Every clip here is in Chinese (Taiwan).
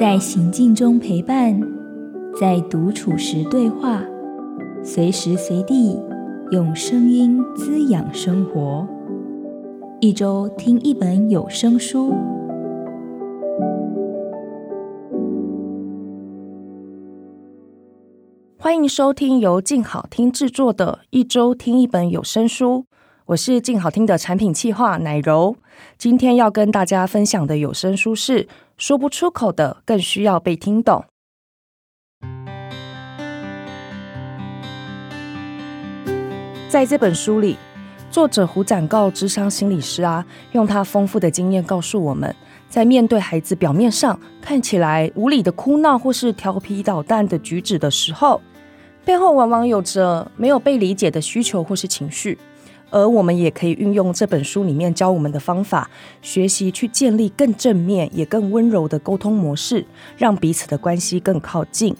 在行進中陪伴，在獨處時對話，隨時隨地用聲音滋養生活。一周聽一本有聲書，歡迎收聽由靜好聽制作的《一周聽一本有聲書》。我是靜好聽的產品計劃奶柔，今天要跟大家分享的有聲書是。說不出口的，更需要被聽懂。在這本書裡，作者胡展誥諮商心理師啊，用他豐富的經驗告訴我們，在面對孩子表面上看起來無理的哭鬧或是調皮搗蛋的舉止的時候，背後往往有着沒有被理解的需求或是情緒。而我們也可以運用這本書裡面教我們的方法，學習去建立更正面也更溫柔的溝通模式，讓彼此的關係更靠近。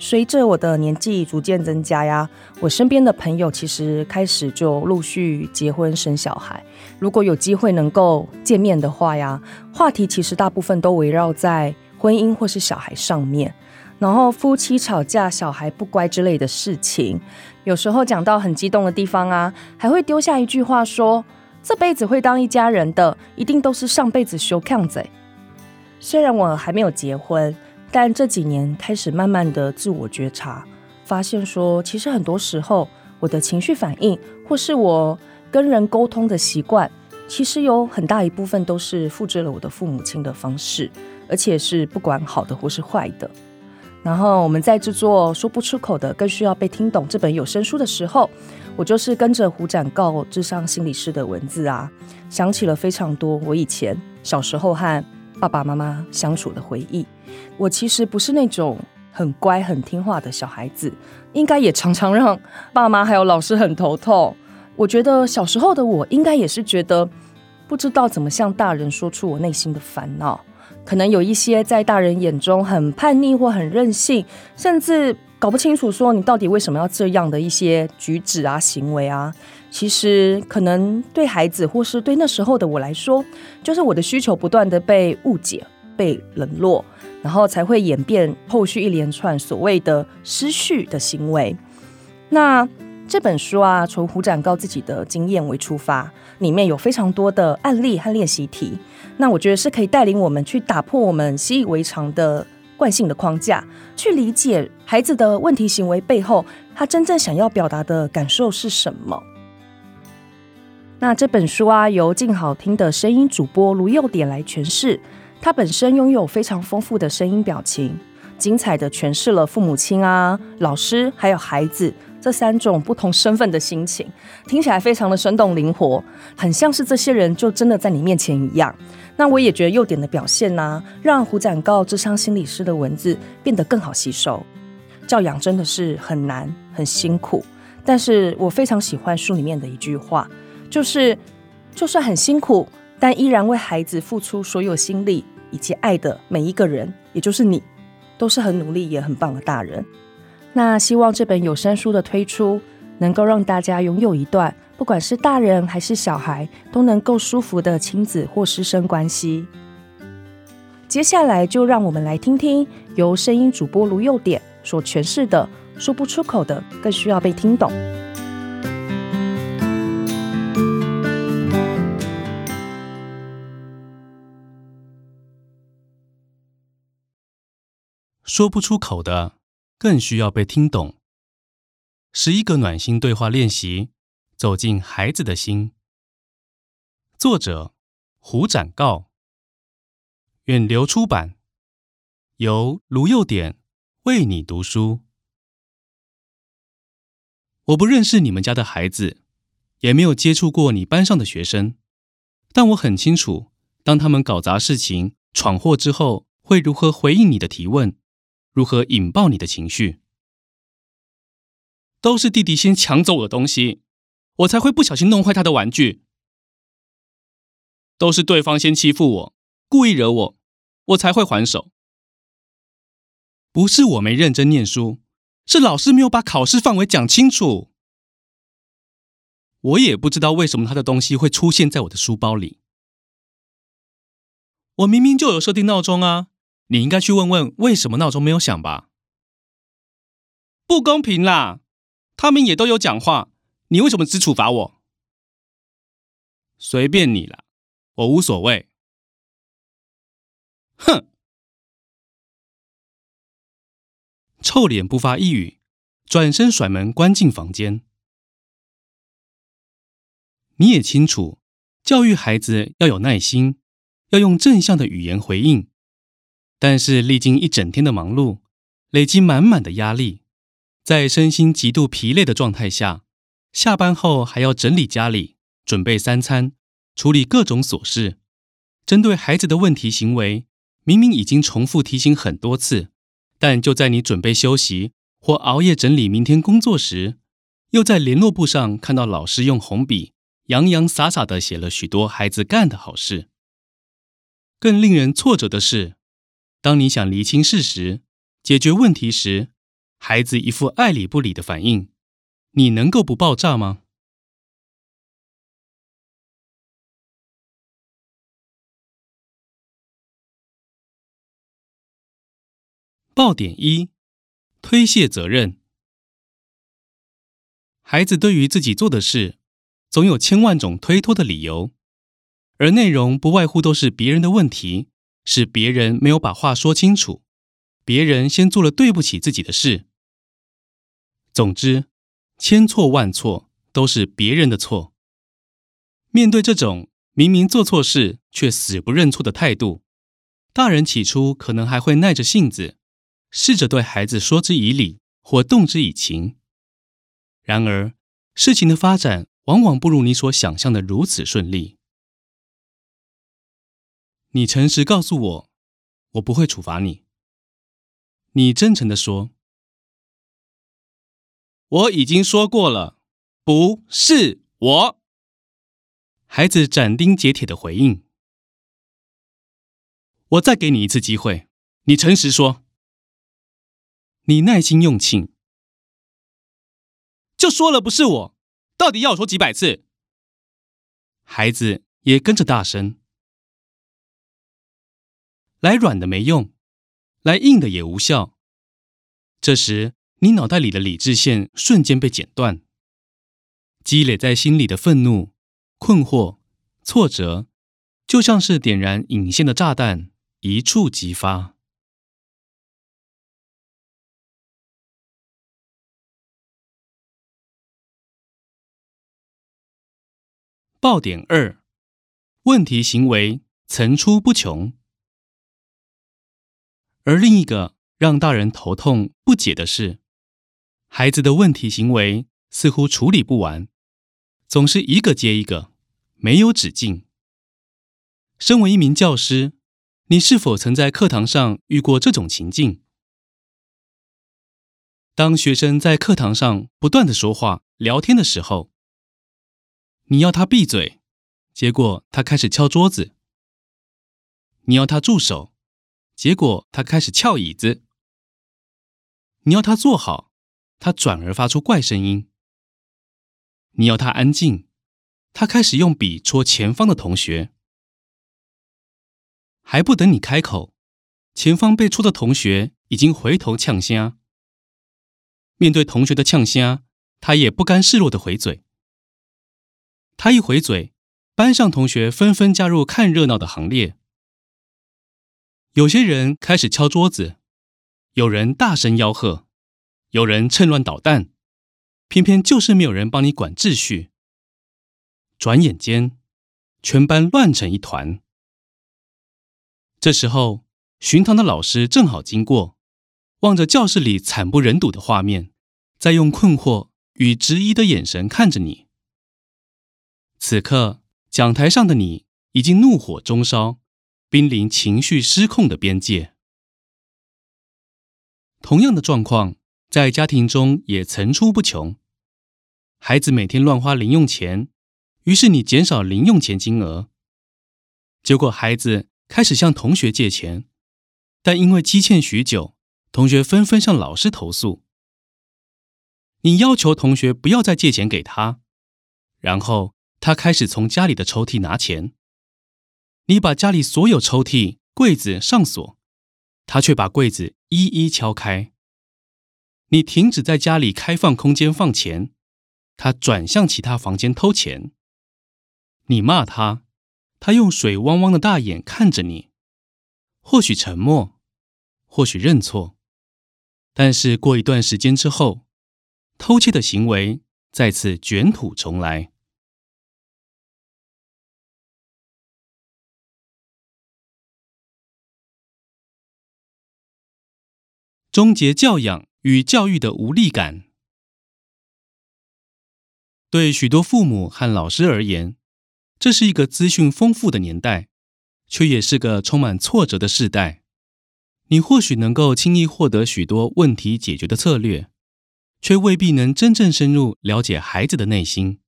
隨着我的年紀逐漸增加呀，我身邊的朋友其實開始就陸續結婚生小孩。如果有機會能夠見面的話呀，話題其實大部分都圍繞在婚姻或是小孩上面，然後夫妻吵架、小孩不乖之類的事情。有時候講到很激動的地方啊，還會丟下一句話說：“這輩子會當一家人的，一定都是上輩子相欠債。”雖然我還沒有結婚，但這幾年開始慢慢的自我覺察，發現說，其實很多時候我的情緒反應，或是我跟人溝通的習慣，其實有很大一部分都是複製了我的父母親的方式，而且是不管好的或是壞的。然後我們在製作《說不出口的，更需要被聽懂》這本有聲書的時候，我就是跟着胡展誥諮商心理師的文字啊，想起了非常多我以前小時候和爸爸媽媽相處的回憶。我其實不是那種很乖很聽話的小孩子，應該也常常讓爸媽還有老師很頭痛。我覺得小時候的我，應該也是覺得不知道怎麼向大人說出我內心的煩惱。可能有一些在大人眼中很叛逆或很任性，甚至搞不清楚說你到底為什麼要這樣的一些舉止啊、行為啊，其實可能對孩子或是對那時候的我來說，就是我的需求不斷地被誤解、被冷落，然後才會演變後續一連串所謂的失序的行為。那這本書啊，從胡展誥自己的經驗為出發，裡面有非常多的案例和練習題。那我覺得是可以帶領我們去打破我們習以為常的慣性的框架，去理解孩子的問題行為背後，他真正想要表達的感受是什麼。那這本書啊，由鏡好聽的聲音主播盧幼典來詮釋，他本身擁有非常豐富的聲音表情，精彩的詮釋了父母親啊、老師還有孩子。這三種不同身份的心情聽起來非常的生動靈活，很像是這些人就真的在你面前一樣。那我也覺得優點的表現呢、啊，讓胡展誥諮商心理師的文字變得更好吸收。教養真的是很難很辛苦，但是我非常喜歡書裡面的一句話，就是就算很辛苦，但依然為孩子付出所有心力以及愛的每一個人，也就是你，都是很努力也很棒的大人。那希望這本有聲書的推出，能夠讓大家擁有一段不管是大人還是小孩都能夠舒服的親子或師生關係。接下來就讓我們來聽聽由聲音主播盧又點所詮釋的“說不出口的，更需要被聽懂”，說不出口的。更需要被聽懂。十一個暖心對話練習，走進孩子的心。作者：胡展誥，遠流出版，由盧幼典為你讀書。我不認識你們家的孩子，也沒有接觸過你班上的學生，但我很清楚，當他們搞砸事情、闖禍之後，會如何回應你的提問。如何引爆你的情緒？都是弟弟先搶走我的東西，我才會不小心弄壞他的玩具。都是對方先欺負我，故意惹我，我才會還手。不是我沒認真念書，是老師沒有把考試範圍講清楚。我也不知道為什麼他的東西會出現在我的書包裡。我明明就有設定鬧鐘啊。你應該去問問為什麼鬧鐘沒有響吧？不公平啦！他們也都有講話，你為什麼只處罰我？隨便你啦，我無所謂。哼！臭臉不發一語，轉身甩門關進房間。你也清楚，教育孩子要有耐心，要用正向的語言回應。但是，歷經一整天的忙碌，累積滿滿的壓力，在身心極度疲累的狀態下，下班後還要整理家裡、準備三餐、處理各種瑣事。針對孩子的問題行為，明明已經重複提醒很多次，但就在你準備休息或熬夜整理明天工作時，又在聯絡簿上看到老師用紅筆洋洋灑灑的寫了許多孩子幹的好事。更令人挫折的是，當你想釐清事實、解決問題時，孩子一副愛理不理的反應，你能夠不爆炸嗎？爆點一，推卸責任。孩子對於自己做的事，總有千萬種推脫的理由，而內容不外乎都是別人的問題。是別人沒有把話說清楚，別人先做了對不起自己的事。總之，千錯萬錯都是別人的錯。面對這種明明做錯事卻死不認錯的態度，大人起初可能還會耐着性子，試着對孩子說之以理或動之以情。然而，事情的發展往往不如你所想象的如此順利。你誠實告訴我，我不會處罰你。你真誠地說我已經說過了，不是我。孩子斬釘截鐵的回應。我再給你一次機會，你誠實說。你耐心用盡，就說了不是我，到底要說幾百次？孩子也跟着大聲。來軟的沒用，來硬的也無效。這時，你腦袋裡的理智線瞬間被剪斷，積累在心裡的憤怒、困惑、挫折，就像是點燃引線的炸彈，一觸即發。爆點二，問題行為層出不窮。而另一個讓大人頭痛不解的是，孩子的問題行為似乎處理不完，總是一個接一個，沒有止境。身為一名教師，你是否曾在課堂上遇過這種情境？當學生在課堂上不斷的說話聊天的時候，你要他閉嘴，結果他開始敲桌子；你要他住手。結果他開始翹椅子，你要他坐好，他轉而發出怪聲音；你要他安靜，他開始用筆戳前方的同學。還不等你開口，前方被戳的同學已經回頭嗆聲。面對同學的嗆聲，他也不甘示弱的回嘴。他一回嘴，班上同學紛紛加入看熱鬧的行列。有些人開始敲桌子，有人大聲吆喝，有人趁亂搗蛋，偏偏就是沒有人幫你管秩序。轉眼間，全班亂成一團。這時候，巡堂的老師正好經過，望着教室裡慘不忍睹的畫面，再用困惑與質疑的眼神看着你。此刻，講台上的你已經怒火中燒，瀕臨情緒失控的邊界。同樣的狀況在家庭中也層出不窮。孩子每天亂花零用錢，於是你減少零用錢金額，結果孩子開始向同學借錢，但因為積欠許久，同學紛紛向老師投訴。你要求同學不要再借錢給他，然後他開始從家裡的抽屜拿錢。你把家裡所有抽屜、櫃子上鎖，他卻把櫃子一一敲開。你停止在家裡開放空間放錢，他轉向其他房間偷錢。你罵他，他用水汪汪的大眼看着你，或許沉默，或許認錯，但是過一段時間之後，偷竊的行為再次捲土重來。終結教養與教育的無力感。對許多父母和老師而言，這是一個資訊豐富的年代，卻也是個充滿挫折的世代。你或許能夠輕易獲得許多問題解決的策略，卻未必能真正深入了解孩子的內心。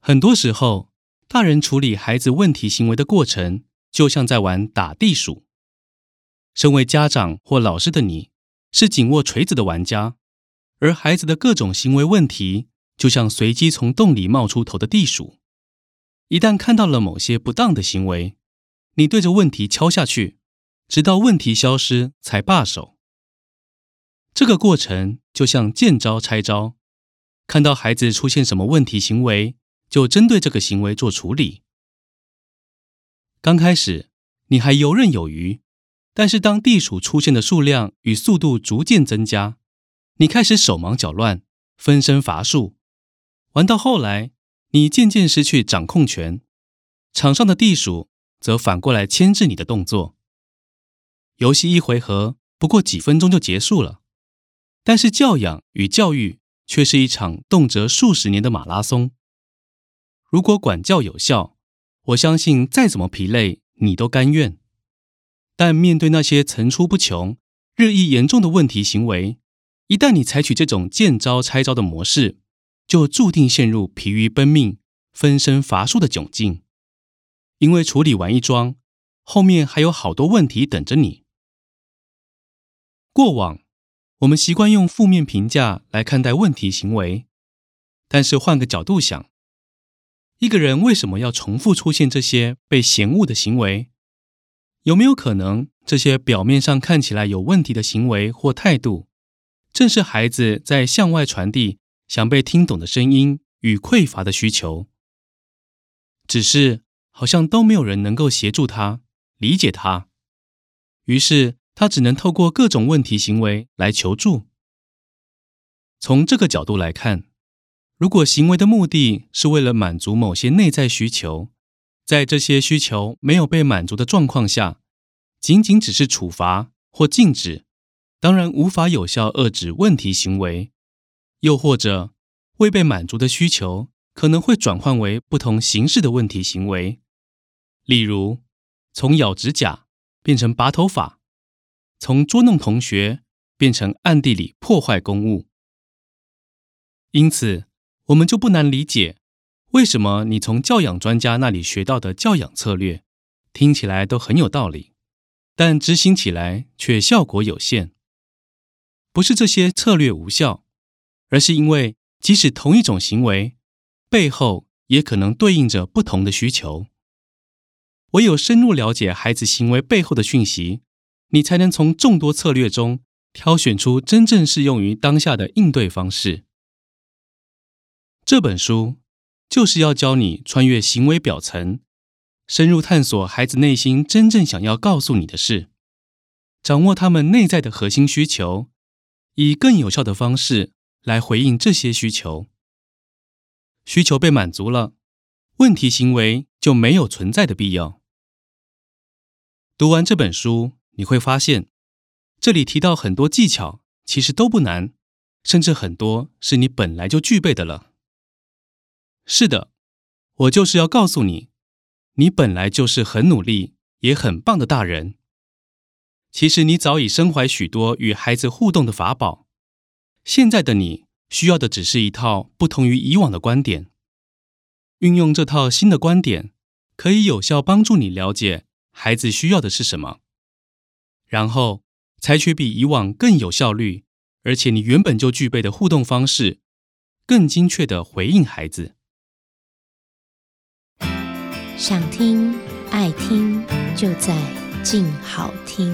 很多時候，大人處理孩子問題行為的過程，就像在玩打地鼠。身為家長或老師的你，是緊握錘子的玩家，而孩子的各種行為問題，就像隨機從洞裡冒出頭的地鼠。一旦看到了某些不當的行為，你對着問題敲下去，直到問題消失才罷手。這個過程就像見招拆招，看到孩子出現什麼問題行為，就針對這個行為做處理。剛開始你還遊刃有餘。但是當地鼠出現的數量與速度逐漸增加，你開始手忙腳亂、分身乏術。玩到後來，你漸漸失去掌控權，場上的地鼠則反過來牽制你的動作。遊戲一回合不過幾分鐘就結束了，但是教養與教育卻是一場動輒數十年的馬拉松。如果管教有效，我相信再怎麼疲累，你都甘願。但面對那些層出不窮、日益嚴重的問題行為，一旦你採取這種見招拆招的模式，就注定陷入疲於奔命、分身乏術的窘境。因為處理完一樁，後面還有好多問題等着你。過往，我們習慣用負面評價來看待問題行為，但是換個角度想，一個人為什麼要重複出現這些被嫌惡的行為？有沒有可能，這些表面上看起來有問題的行為或態度，正是孩子在向外傳遞想被聽懂的聲音與匱乏的需求？只是好像都沒有人能夠協助他理解他，於是他只能透過各種問題行為來求助。從這個角度來看，如果行為的目的是為了滿足某些內在需求，在這些需求沒有被滿足的狀況下，僅僅只是處罰或禁止，當然無法有效遏制問題行為。又或者，未被滿足的需求可能會轉換為不同形式的問題行為，例如從咬指甲變成拔頭髮，從捉弄同學變成暗地裡破壞公物。因此，我們就不難理解。為什麼你從教養專家那裡學到的教養策略聽起來都很有道理，但執行起來卻效果有限？不是這些策略無效，而是因為即使同一種行為背後也可能對應着不同的需求。唯有深入了解孩子行為背後的訊息，你才能從眾多策略中挑選出真正適用於當下的應對方式。這本書，就是要教你穿越行為表層，深入探索孩子內心真正想要告訴你的事，掌握他們內在的核心需求，以更有效的方式來回應這些需求。需求被滿足了，問題行為就沒有存在的必要。讀完這本書，你會發現，這裡提到很多技巧，其實都不難，甚至很多是你本來就具備的了。是的，我就是要告訴你，你本來就是很努力也很棒的大人。其實你早已身懷許多與孩子互動的法寶，現在的你需要的只是一套不同於以往的觀點。運用這套新的觀點，可以有效幫助你了解孩子需要的是什麼，然後採取比以往更有效率，而且你原本就具備的互動方式，更精確的回應孩子。想聽、愛聽，就在靜好聽。